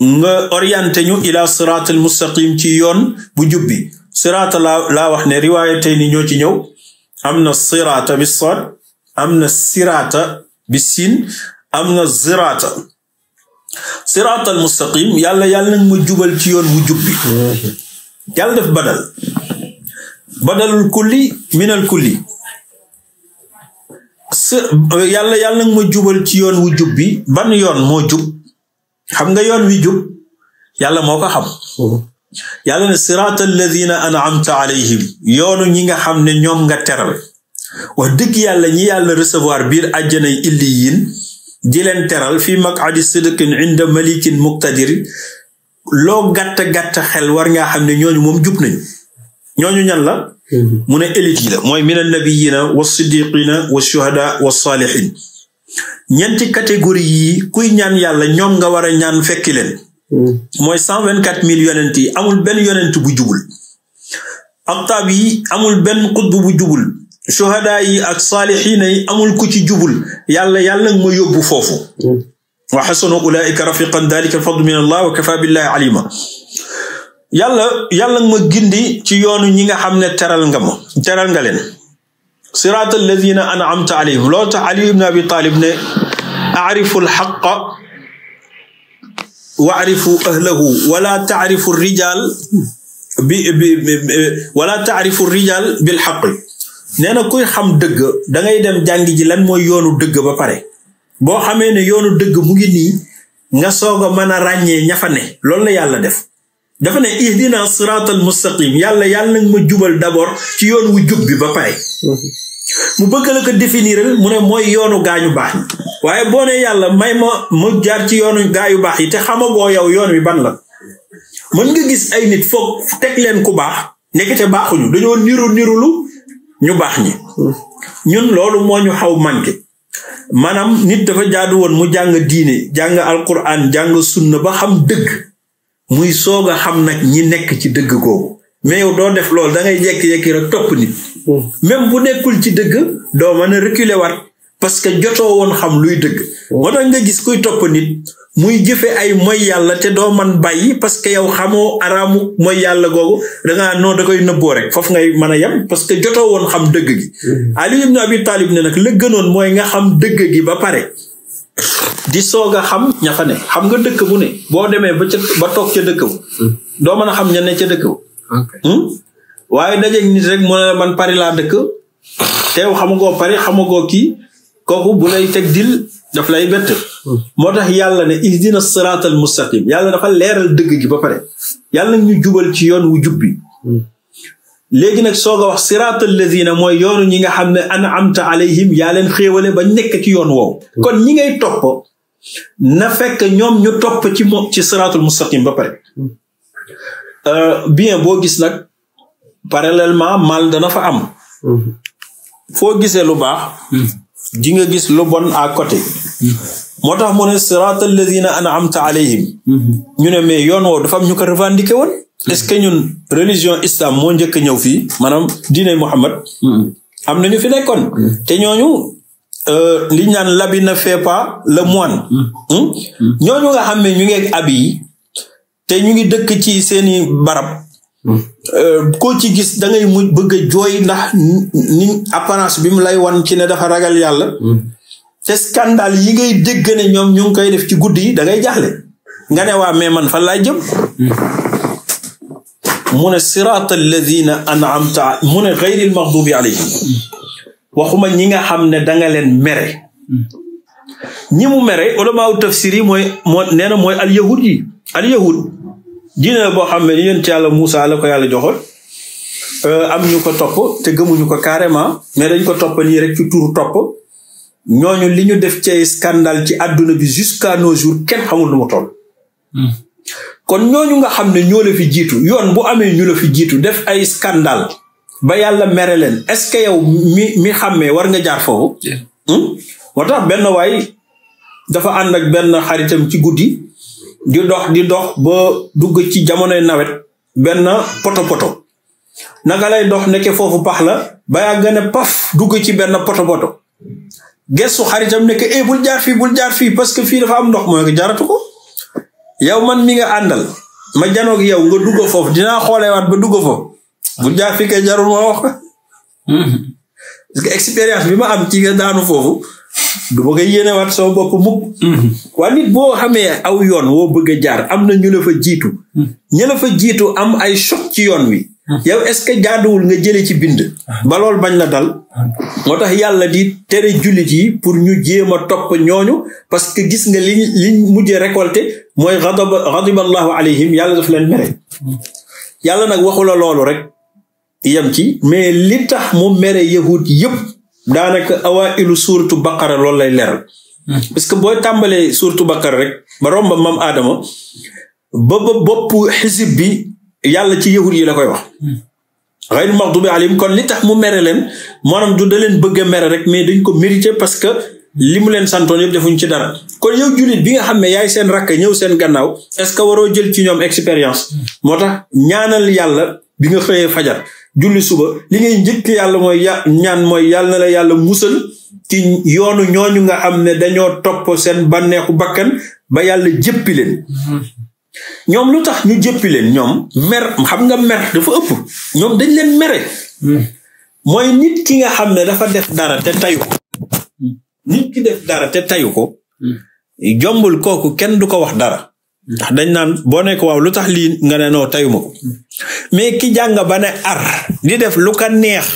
A: nga orienté ñu ila siraatal mustaqim ci yoon bu jubbi siraata laa wax ne riwaaya tey ñoo ci ñëw am na siraata bi sod am na siraata bi siin am na sirata siraatal mustaqim yàlla yàlla nag ma jubal ci yoon bu jub bi yàlla yàlla yàlla nag ma jubal ci yoon wu jub bi ban yoon moo jub xam nga yoon wi jub yàlla moo ko xam yàlla ne siraata alladina an'amta alayhim yoonu ñi nga xam ne ñoom nga teral wax dëgg yàlla ñi yàlla recevoir biir àjjanay illiyin jileen teral fii mag adi sidqin inda malikin muqtadir loo gàtt gàtt xel war ngaa xam ne ñooñu moom jub nañu ñooñu ñan la mhm. mu ne élite yi la mooy min annabiyina wa siddiqina wa shuhada wa saalihin ñeenti catégorie yi kuy ñaan yàlla ñoom nga war a ñaan fekki leen mhm. mooy cent vingt quatre mille yonent yi amul benn yonent bu jubul aktaab yi amul benn xutb bu jubul suhadaa yi ak saalixiina yi amul ku ci jubul yàlla yàlla nga ma yóbbu foofu wa xasuna ulaika rafiqan dalika alfadlu min allah wa kafa billahi alima yàlla yàlla nga ma gindi ci yoonu ñi nga xam ne teral nga ma teral nga leen siraat alladina anamta alayhim loolu tax aliyu ibn abi talib ne arifu alxaqa wa arifu ahlahu wala taarifu rijal bi wala taarifu rijal bilxaqi nee na kuy xam dëgg da ngay dem jàngi ji lan mooy yoonu dëgg ba pare boo xamee ne yoonu dëgg mu ngi nii nga soog a mën a ràññee ñafane fa loolu la yàlla def dafa ne ihdina siraatal mustaqim yàlla yàlla nga ma jubal d'abord ci yoon wu jub bi ba pare mu bëgg la ko définir mu ne mooy yoonu gaañu baax yi waaye boo ne yàlla may ma mu jaar ci yoonu gaayu baax yi te xamagoo yow yoon wi ban la mën nga gis ay nit foog teg leen ku baax nekk te baaxuñu dañoo ñu baax ñi ñun loolu moo ñu xaw manqué maanaam nit dafa jaadu woon mu jàng diine jàng alquran jàng sunna ba xam dëgg muy soog a xam nag ñi nekk ci dëgg googu mais yow doo def loolu da ngay jékki-jékki rek topp nit hmm. même bu nekkul ci dëgg doo mën a reculer waat parce que jotoo woon xam luy dëgg hmm. moo nga gis kuy topp nit muy jëfe ay mooy yàlla te doo man bàyyi parce que yow xamoo araamu mooy yàlla googu dangaa noo da koy nëbboo rek foofu ngay mën a yam parce que jotoo woon xam dëgg gi mm-hmm. Ali ibn Abi Talib ne nag la gënoon mooy nga xam dëgg gi ba pare di soog a xam ña ne xam nga dëkk bu ne boo demee ba ca ba toog ca dëkk bu mm-hmm. doo mën a xam ña ne ca dëkk bu hmm? waaye dajeeg nit rek mu ne la man pari laa dëkk teew xamagoo pari xamagoo kii kooku bu lay teg dil daf lay bett moo tax yàlla ne ihdina siraatal mustaqim yàlla dafa leeral dëgg gi ba pare yàlla nag ñu jubal ci yoon wu jubbi léegi nag soog a wax siraatal lazina mooy yoonu ñi nga xam ne am an'amta alayhim yaa leen xéewale ba nekk ci yoon woowu kon ñi ngay topp na fekk ñoom ñu topp ci mo ci siraatul mustaqim ba pare euh, bien boo gis nag parallèlement mal dana fa am mm-hmm. foo gisee lu baax mm. di nga gis lu bon à côté moo tax mu ne siraat alladina an'amta alayhim ñu ne mais yoon woo dafa am ñu ko revendiqué woon est-ce que ñun religion islam moo njëkk ñëw fii maanaam diine Muhammad am na ñu fi nekkoon te ñooñu euh, liñ naan labina fepa fait pas le moine hmm? ñooñu nga xam ne ñu ngi ak te ñu ngi dëkk ci seeni barab Euh, koo ci gis da ngay mujj bëgg a jooy ndax ni apparence bi mu lay wan ci ne dafa ragal yàlla. Hmm. te scandale yi ngay dégg ne ñoom ñu ngi koy def ci guddi yi da ngay nga ne waa mais man fan laa jëm. Hmm. mu ne siraat alladina anamta mu ne gayril maxdubi alayhim hmm. waxuma ñi nga xam ne danga leen mere. ñi mu mere ulamaaw tafsir yi mooy moo nee mooy al yi al diine boo xam ne ni yonent yàlla Moussa la ko yàlla joxoon euh, am ñu ko topp te gëmuñu ko carrément mais dañ ko topp nii rek ci turu topp ñooñu li ñu def ci scandale ci àdduna bi jusqu'à nos jours kenn xamul nu mu toll. Hmm. kon ñooñu nga xam ne ñoo la fi jiitu yoon bu amee ñu la fi jiitu def ay scandale ba yàlla mere leen est-ce que yow mi mi xàmmee war nga jaar foofu. Hmm? moo tax benn waay dafa ànd ak benn xaritam ci guddi. di dox di dox boo dugg ci jamonoy nawet benn poto poto naka lay dox nekke foofu pax la ba yàgg ne paf dugg ci benn poto poto gestu xaritam nekk eh bul jaar fii bul jaar fii parce que fii dafa am ndox mooy ko jaaratu ko yow man mi nga àndal ma janoog yow nga dugg foofu dinaa xoolewaat ba dugg foofu bul jaar fi kay jarul ma wax que expérience bi ma am ci daanu foofu du bëgg a soo sama bopp mukk mhm. waa nit boo xamee aw yoon woo bëgg jaar am na ñu la fa jiitu mhm. ñu la fa jiitu am ay choc ci yoon wi mhm. yow est-ce que jaaduwul nga jële ci bind ba lool bañ la dal moo tax yàlla di tere jullit yi pour ñu jéem a topp ñooñu parce que gis nga li liñ mujjee récolté mooy gadaba gadiballahu alayhim yàlla daf mere yàlla nag waxu la loolu rek yem ci mais li tax mu mere yahud yëpp daanaka awaa awaa'ilu suuratu baqara loolu lay leeral. parce que booy tàmbalee suuratu baqara rek ba romba maam Adama ba ba boppu xisib bi yàlla ci yahud yi la koy wax. xayril maxdubi alayhim kon li tax mu mere leen maanaam du da leen bëgg a mere rek mais dañ ko mérité parce que li mu leen santoon yëpp defuñ ci dara. kon yow jullit bi nga xam ne yaay seen rakk ñëw seen gannaaw est ce que waroo jël ci ñoom expérience. moo tax ñaanal yàlla bi nga xëyee fajar julli suba li ngay njëkk yàlla mooy ya ñaan mooy yàlla la yàlla musal ci yoonu ñooñu nga am ne dañoo topp seen banneexu bakkan ba yàlla jëppi leen ñoom lu tax ñu jëppi leen ñoom mer xam nga mer dafa ëpp ñoom dañ leen mere mooy nit ki nga xam ne dafa def dara te tayu ko nit ki def dara te tayu ko jombul kooku kenn du ko wax dara ndax dañ naan boo nekk waaw lu tax lii nga ne noo tayuma ko mais ki jàng ba ne ar di def lu ka neex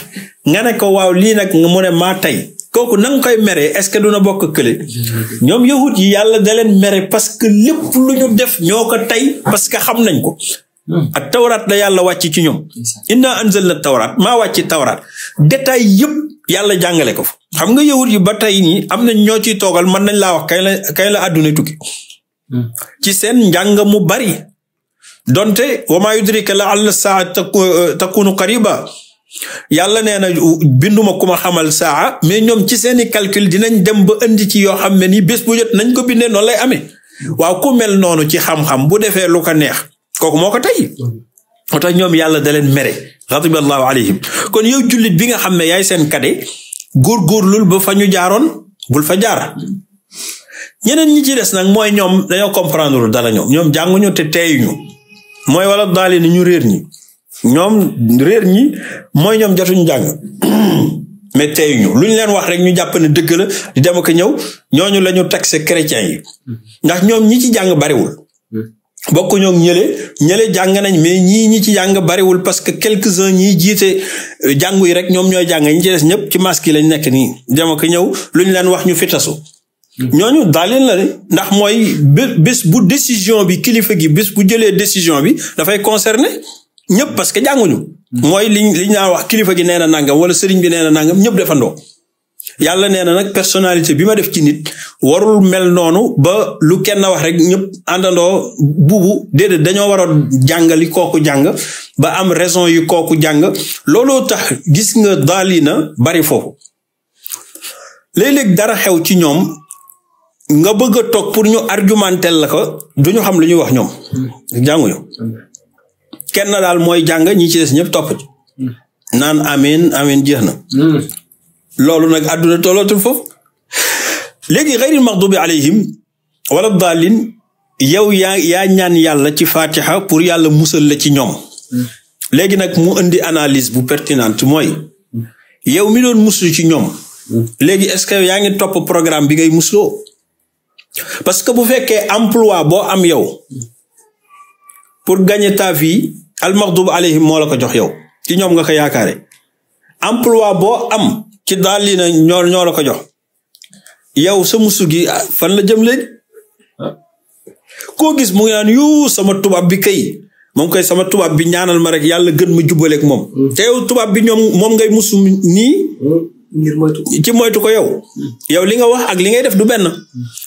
A: nga ne ko waaw lii nag mu ne maa tey kooku na koy meree est-ce que duna bokk kële ñoom yahut yi yàlla da leen mere parce que lépp lu ñu def ñoo ko tey parce que xam nañ ko ak tawraat la yàlla wàcc ci ñoom inna anzalna tawraat maa wàcc tawraat détail yëpp yàlla jàngale ko fa xam nga yahut yi ba tey nii am nañ ñoo ciy toogal mën nañ laa wax kay la kay la àdduna tukki ci seen njàng mu bari donte wa maa yudrika la alla saa takunu euh, qariba yàlla nee na binduma ku ma xamal saa mais ñoom ci seeni calcul dinañ dem ba indi ci yoo xam ne ni bés bu jot nañ ko bindee noonu lay amee waaw ku mel noonu ci xam-xam bu defee lu ko neex kooku moo ko tey moo tax ñoom yàlla da leen mere xatiba allahu kon yow jullit bi nga xam ne yaay seen kade góorgóorlul ba fa ñu jaaroon bul fa jaar ñeneen ñi ci des nag mooy ñoom dañoo comprendre dara ñoom ñoom jànguñu te teeyuñu mooy wala daale ni ñu réer ñi ñoom réer ñi mooy ñoom jotuñu jàng mais teeyuñu lu ñu leen wax rek ñu jàpp ne dëgg la di dem ak ñëw ñooñu la ñu taxe chrétiens yi mm-hmm. ndax ñoom ñi ci jàng bariwul mm-hmm. bokk ñoom ñële ñële jàng nañ mais ñii ñi ci jàng bariwul parce que quelques-uns ñii jiite jàngu yi rek ñoom ñooy jàng ñi ci des ñëpp ci masque yi lañ nekk nii dem ak ñëw lu ñu leen wax ñu fi tasu ñooñu daaleen la de ndax mooy bés bu décision bi kilifa gi bés bu jëlee décision bi dafay concerné ñëpp parce que jànguñu. Mm-hmm. mooy liñ liñ naan wax kilifa gi nee na nangam wala sëriñ bi nee na nangam ñëpp defandoo. yàlla nee na nag personnalité bi ma def ci nit warul mel noonu ba lu kenn wax rek ñëpp àndandoo buubu déedéet dañoo war jàngali kooku jàng ba am raison yu kooku jàng looloo tax gis nga daali na bari foofu léeg-léeg dara xew ci ñoom nga bëgg a toog pour ñu argumentel la ko du ñu xam lu ñuy wax ñoom hmm. jànguñu kenn daal mooy jàng ñi ci des ñëpp topp hmm. naan amin amin jeex na hmm. loolu nag àdduna tollootul foofu léegi xayril maxdubi alayhim wala daalin yow yaa yaa ñaan yàlla ci fatiha pour yàlla musal la ci ñoom léegi nag mu indi analise bu pertinente mooy yow mi doon musul ci ñoom léegi est-ce yaa ngi topp programme bi ngay musloo parce que bu fekkee emploi boo am yow pour gagner ta vie almaxdub alayhim moo la ko jox yow ci ñoom nga ko yaakaare emplois boo am ci daal lii na ñoo ñoo la ko jox yow sa musu gi ah, fan la jëm koo gis mu ngi naan yu sama tubaab bi kay moom kay sama tubaab bi ñaanal ma rek yàlla gën ma jubaleek moom mm. te yow tubaab bi ñoom moom ngay musu nii mm. ngir moytu ci moytu ko yow. Hmm. yow li nga wax ak li ngay def du benn.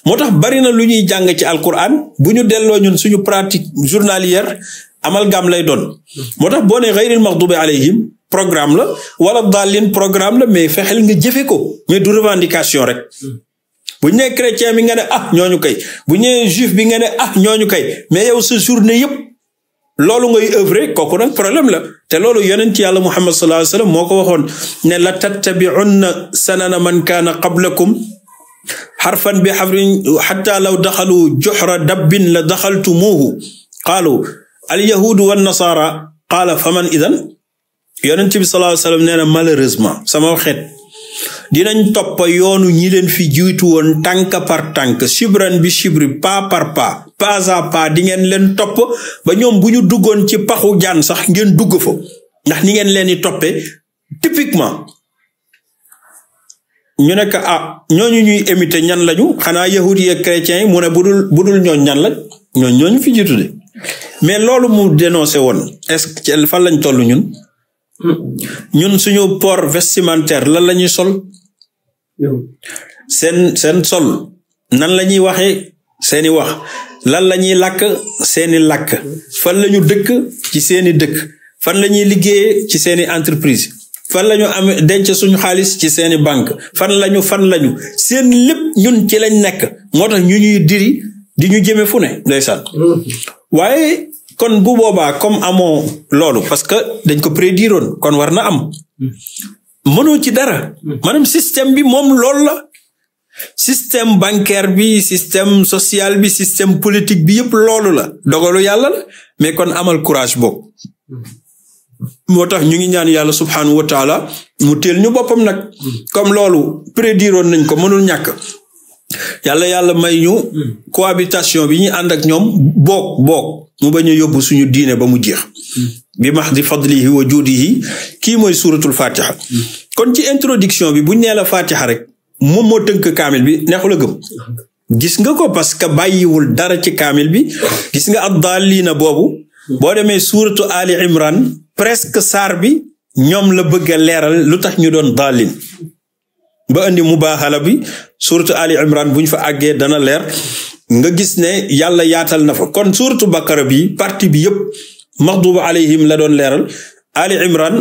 A: moo tax bari na lu ñuy jàng ci alquran bu ñu delloo ñun suñu pratique journalière amal gam lay doon. Hmm. moo tax boo nee xayril maxdubi alayhim programme la wala daalin programme la mais fexeel nga jëfe ko mais du revendication rek. Hmm. bu ñu nee bi nga ne ah ñooñu kay bu ñu nee juif bi nga ne ah ñooñu kay mais yow sa journée yëpp. loolu ngay œuvrer kooku nag problème la te loolu yonent yàlla muhammad sallallahu alayhi wasallam moo ko waxoon ne la tattabi'unna sanana man kaana qablakum xarfan bi xarfin xatta law daxalu joxra dabbin la daxaltumuuhu qaalu alyahuudu wannasaara qaala faman idan yonent bi sallallahu alayhi wasallam nee na malheureusement sama xeet dinañ toppa yoonu ñi leen fi jiitu woon tànk par tànk sibran bi sibri pas par pas pas à pas di ngeen leen topp ba ñoom bu ñu duggoon ci paxu jaan sax ngeen dugg fo ndax ni ngeen leen di toppee typiquement ñu ne ko ah ñooñu ñuy émité ñan lañu xanaa yahud yi ak chrétiens yi mu ne budul budul ñooñ ñan lañ ñooñ ñooñu fi jiitu de mais loolu mu dénoncé woon est-ce que fan lañ toll ñun hmm. ñun suñu por vestimentaire lan la ñuy sol seen seen sol nan la ñuy waxee seeni wax lan la ñuy làkk seeni lakk fan la ñu dëkk ci seeni dëkk fan la ñuy liggéeyee ci seeni entreprise fan la ñu am denc suñu xaalis ci seeni banque fan lañu fan lañu seen lépp ñun ci lañ nekk moo tax ñu ñuy diri di ñu jëme fu ne ndeysaan waaye kon bu boobaa comme amoo loolu parce que dañ ko prédiroon kon war na am mënoo ci dara. Mm. maanaam système bi moom loolu la. système bancaire bi système social bi système politique bi yëpp loolu la dogalu yàlla la mais kon amal courage boobu. Mm. moo tax ñu ngi ñaan yàlla subxanahu wa taala mu teel ñu boppam nag. Mm. comme loolu prédiroon nañ ko mënul ñàkk. yàlla yàlla may ñu hmm. cohabitation bi ñu ànd ak ñoom boog boog mu bañ a yóbbu suñu diine ba mu jeex hmm. bi max di fadlihi wa juudihi kii mooy suuratul fatiha hmm. kon ci introduction bi buñ nee la fatiha rek moom moo tënk kaamil bi neexul a gëm gis nga ko parce que bàyyiwul dara ci kaamil bi gis nga ab daalina boobu boo demee suuratu ali imran presque saar bi ñoom la bëgg leeral lu tax ñu doon daalin ba indi mubaaxala bi suurtu Ali Imran buñ fa àggee dana leer nga gis ne yàlla yaatal na fa kon suurtu Bakara bi parti bi yëpp maxduba alayhim la doon leeral Ali Imran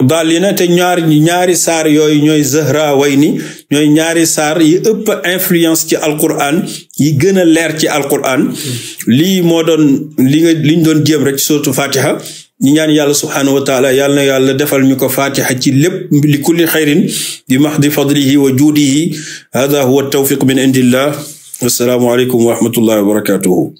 A: daal na te ñaari ñaari saar yooyu ñooy zahra way ni ñooy ñaari saar yi ëpp influence ci alquran yi gën a leer ci alquran lii moo doon lii nga liñ doon jéem rek surtout fatiha ñi ñaan yàlla subhaanahu wa taala yàlla yàlla defal ñu ko fatiha ci lépp li kulli xayrin bi maxdi fadlihi wa juudihi hada huwa tawfiq min indillah assalaamu aleykum wa rahmatullahi wa barakatuhu